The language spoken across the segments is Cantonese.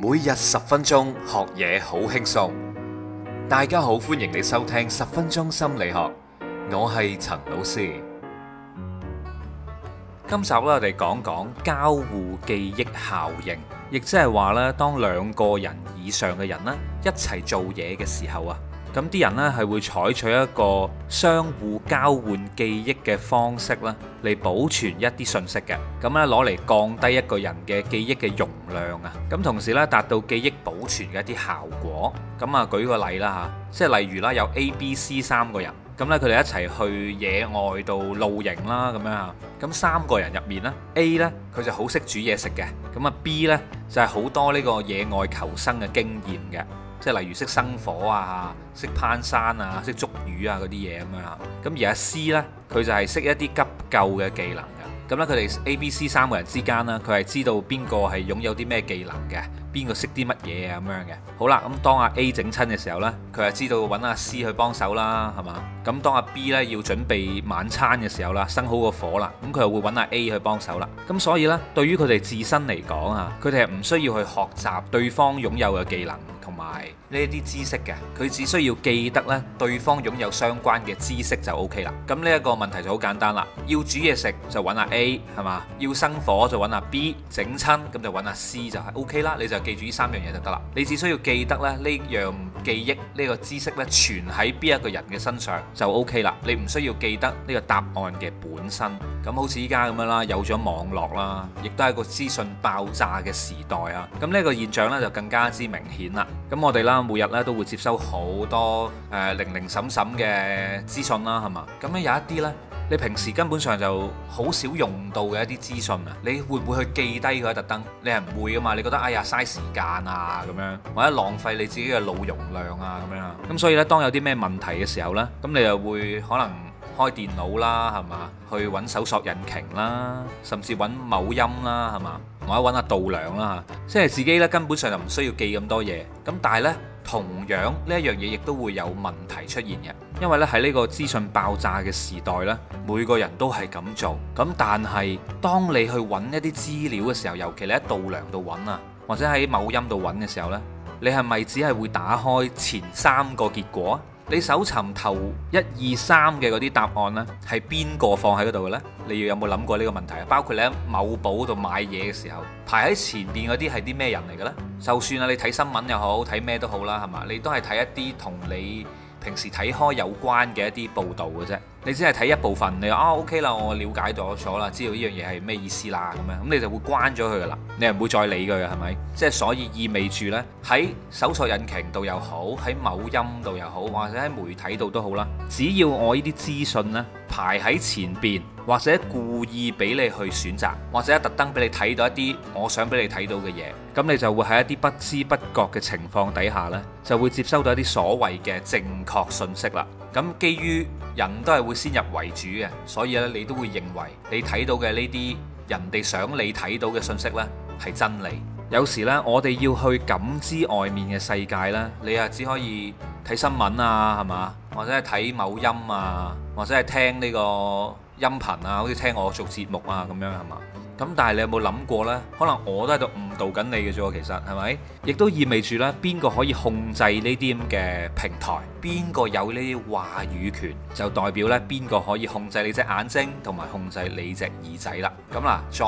每日十分鐘學嘢好輕鬆，大家好，歡迎你收聽十分鐘心理學，我係陳老師。今集咧，我哋講講交互記憶效應，亦即係話咧，當兩個人以上嘅人啦一齊做嘢嘅時候啊。咁啲人呢，係會採取一個相互交換記憶嘅方式啦，嚟保存一啲信息嘅。咁呢，攞嚟降低一個人嘅記憶嘅容量啊。咁同時呢，達到記憶保存嘅一啲效果。咁啊，舉個例啦吓，即係例如啦，有 A、B、C 三個人，咁呢，佢哋一齊去野外度露營啦，咁樣啊。咁三個人入面呢，A 呢，佢就好識煮嘢食嘅。咁啊，B 呢，就係好多呢個野外求生嘅經驗嘅。即係例如識生火啊，識攀山啊，識捉魚啊嗰啲嘢咁樣。咁而阿 C 呢，佢就係識一啲急救嘅技能嘅。咁咧，佢哋 A、B、C 三個人之間呢，佢係知道邊個係擁有啲咩技能嘅，邊個識啲乜嘢啊咁樣嘅。好啦，咁當阿 A 整親嘅時候呢，佢係知道揾阿 C 去幫手啦，係嘛？咁當阿 B 呢要準備晚餐嘅時候啦，生好個火啦，咁佢又會揾阿 A 去幫手啦。咁所以呢，對於佢哋自身嚟講啊，佢哋係唔需要去學習對方擁有嘅技能同呢啲知識嘅，佢只需要記得呢對方擁有相關嘅知識就 OK 啦。咁呢一個問題就好簡單啦。要煮嘢食就揾下 A 係嘛？要生火就揾下 B，整親咁就揾下 C 就係 OK 啦。你就記住呢三樣嘢就得啦。你只需要記得咧呢樣記憶呢個知識呢，存喺邊一個人嘅身上就 OK 啦。你唔需要記得呢個答案嘅本身。咁好似依家咁樣啦，有咗網絡啦，亦都係個資訊爆炸嘅時代啊。咁呢一個現象呢，就更加之明顯啦。咁我哋啦，每日咧都會接收好多誒、呃、零零散散嘅資訊啦，係嘛？咁樣有一啲咧，你平時根本上就好少用到嘅一啲資訊啊，你會唔會去記低佢特登？你係唔會啊嘛？你覺得哎呀嘥時間啊咁樣，或者浪費你自己嘅腦容量啊咁樣啊？咁所以咧，當有啲咩問題嘅時候咧，咁你就會可能。開電腦啦，係嘛？去搵搜索引擎啦，甚至搵某音啦，係嘛？或者搵下度娘啦，即係自己呢根本上就唔需要記咁多嘢。咁但係呢，同樣呢一樣嘢亦都會有問題出現嘅，因為呢喺呢個資訊爆炸嘅時代呢，每個人都係咁做。咁但係當你去搵一啲資料嘅時候，尤其你喺度娘度搵啊，或者喺某音度搵嘅時候呢，你係咪只係會打開前三個結果？你搜尋頭一二三嘅嗰啲答案呢，係邊個放喺嗰度嘅呢？你要有冇諗過呢個問題啊？包括你喺某寶度買嘢嘅時候，排喺前邊嗰啲係啲咩人嚟嘅呢？就算啊，你睇新聞又好，睇咩都好啦，係嘛？你都係睇一啲同你平時睇開有關嘅一啲報導嘅啫。你只係睇一部分，你話啊 OK 啦，我了解咗咗啦，知道呢樣嘢係咩意思啦咁樣，咁你就會關咗佢噶啦，你係唔會再理佢嘅係咪？即係、就是、所以意味住呢，喺搜索引擎度又好，喺某音度又好，或者喺媒體度都好啦，只要我資訊呢啲資訊咧。排喺前邊，或者故意俾你去選擇，或者特登俾你睇到一啲我想俾你睇到嘅嘢，咁你就會喺一啲不知不覺嘅情況底下呢，就會接收到一啲所謂嘅正確信息啦。咁基於人都係會先入為主嘅，所以咧你都會認為你睇到嘅呢啲人哋想你睇到嘅信息呢係真理。有時呢，我哋要去感知外面嘅世界啦，你啊只可以。睇新聞啊，係嘛？或者係睇某音啊，或者係聽呢個音頻啊，好似聽我做節目啊，咁樣，係嘛？咁但係你有冇諗過呢？可能我都喺度誤導緊你嘅啫，其實係咪？亦都意味住呢，邊個可以控制呢啲咁嘅平台，邊個有呢啲話語權，就代表呢邊個可以控制你隻眼睛，同埋控制你隻耳仔啦。咁啦，再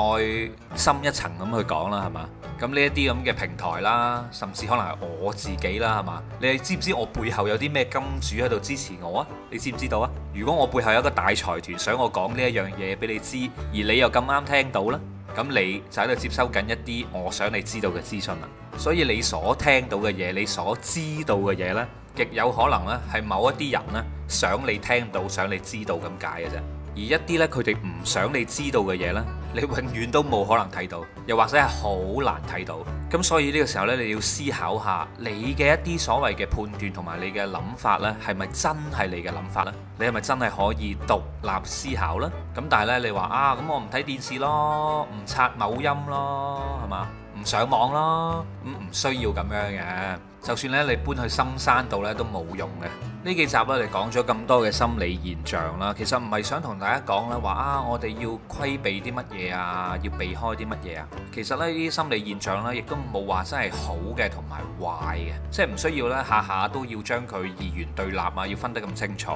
深一層咁去講啦，係嘛？咁呢一啲咁嘅平台啦，甚至可能係我自己啦，係嘛？你知唔知我背後有啲咩金主喺度支持我啊？你知唔知道啊？如果我背後有一個大財團想我講呢一樣嘢俾你知，而你又咁啱聽到啦，咁你就喺度接收緊一啲我想你知道嘅資訊啦。所以你所聽到嘅嘢，你所知道嘅嘢呢，極有可能呢係某一啲人呢，想你聽到，想你知道咁解嘅啫。而一啲呢，佢哋唔想你知道嘅嘢呢，你永遠都冇可能睇到，又或者係好難睇到。咁所以呢個時候呢，你要思考下你嘅一啲所謂嘅判斷同埋你嘅諗法呢，係咪真係你嘅諗法呢？你係咪真係可以獨立思考呢？咁但係呢，你話啊，咁我唔睇電視咯，唔刷某音咯，係嘛？唔上網咯，咁唔需要咁樣嘅。就算呢，你搬去深山度呢，都冇用嘅。呢幾集咧，我哋講咗咁多嘅心理現象啦，其實唔係想同大家講咧，話啊，我哋要規避啲乜嘢啊，要避開啲乜嘢啊。其實呢啲心理現象呢，亦都冇話真係好嘅同埋壞嘅，即係唔需要呢下下都要將佢二元對立啊，要分得咁清楚。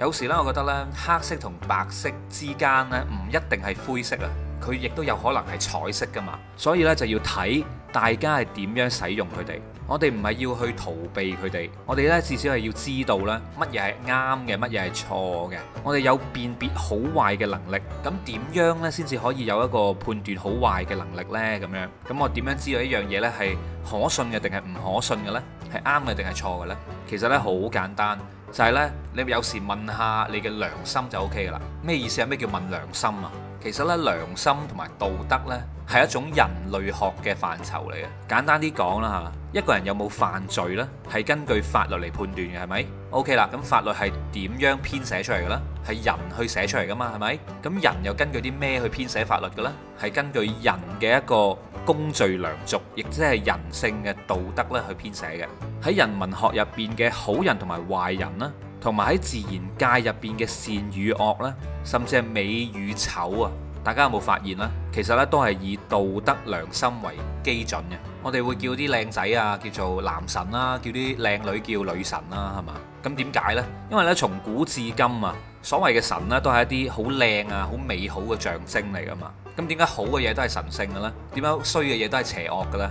有時呢，我覺得呢，黑色同白色之間呢，唔一定係灰色啊。佢亦都有可能係彩色噶嘛，所以咧就要睇大家係點樣使用佢哋。我哋唔係要去逃避佢哋，我哋呢至少係要知道呢乜嘢係啱嘅，乜嘢係錯嘅。我哋有辨別好壞嘅能力。咁點樣呢先至可以有一個判斷好壞嘅能力呢？咁樣咁我點樣知道一樣嘢呢係可信嘅定係唔可信嘅呢？係啱嘅定係錯嘅呢？其實呢，好簡單，就係呢：你有時問下你嘅良心就 OK 噶啦。咩意思啊？咩叫問良心啊？其實咧，良心同埋道德咧，係一種人類學嘅範疇嚟嘅。簡單啲講啦嚇，一個人有冇犯罪呢？係根據法律嚟判斷嘅，係咪？OK 啦，咁法律係點樣編寫出嚟嘅呢？係人去寫出嚟噶嘛，係咪？咁人又根據啲咩去編寫法律嘅呢？係根據人嘅一個公序良俗，亦即係人性嘅道德咧去編寫嘅。喺人文學入邊嘅好人同埋壞人啦。同埋喺自然界入邊嘅善與惡啦，甚至係美與醜啊，大家有冇發現呢？其實呢都係以道德良心為基準嘅。我哋會叫啲靚仔啊叫做男神啦，叫啲靚女叫女神啦，係嘛？咁點解呢？因為呢，從古至今啊，所謂嘅神呢都係一啲好靚啊、好美好嘅象徵嚟噶嘛。咁點解好嘅嘢都係神聖嘅呢？點解衰嘅嘢都係邪惡嘅咧？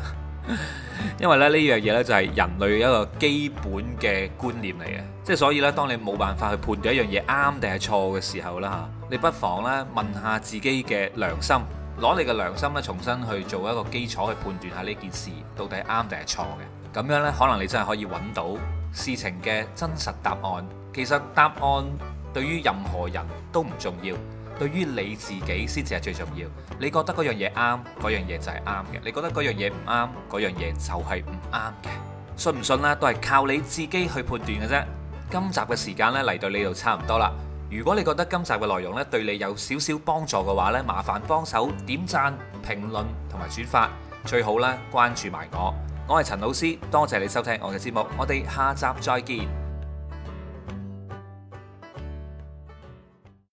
因為咧呢樣嘢呢，就係人類一個基本嘅觀念嚟嘅，即係所以呢，當你冇辦法去判斷一樣嘢啱定係錯嘅時候啦吓，你不妨呢問下自己嘅良心，攞你嘅良心咧重新去做一個基礎去判斷下呢件事到底啱定係錯嘅，咁樣呢，可能你真係可以揾到事情嘅真實答案。其實答案對於任何人都唔重要。對於你自己先至係最重要。你覺得嗰樣嘢啱，嗰樣嘢就係啱嘅；你覺得嗰樣嘢唔啱，嗰樣嘢就係唔啱嘅。信唔信啦，都係靠你自己去判斷嘅啫。今集嘅時間咧嚟到呢度差唔多啦。如果你覺得今集嘅內容咧對你有少少幫助嘅話呢，麻煩幫手點讚、評論同埋轉發，最好咧關注埋我。我係陳老師，多謝你收聽我嘅節目，我哋下集再見。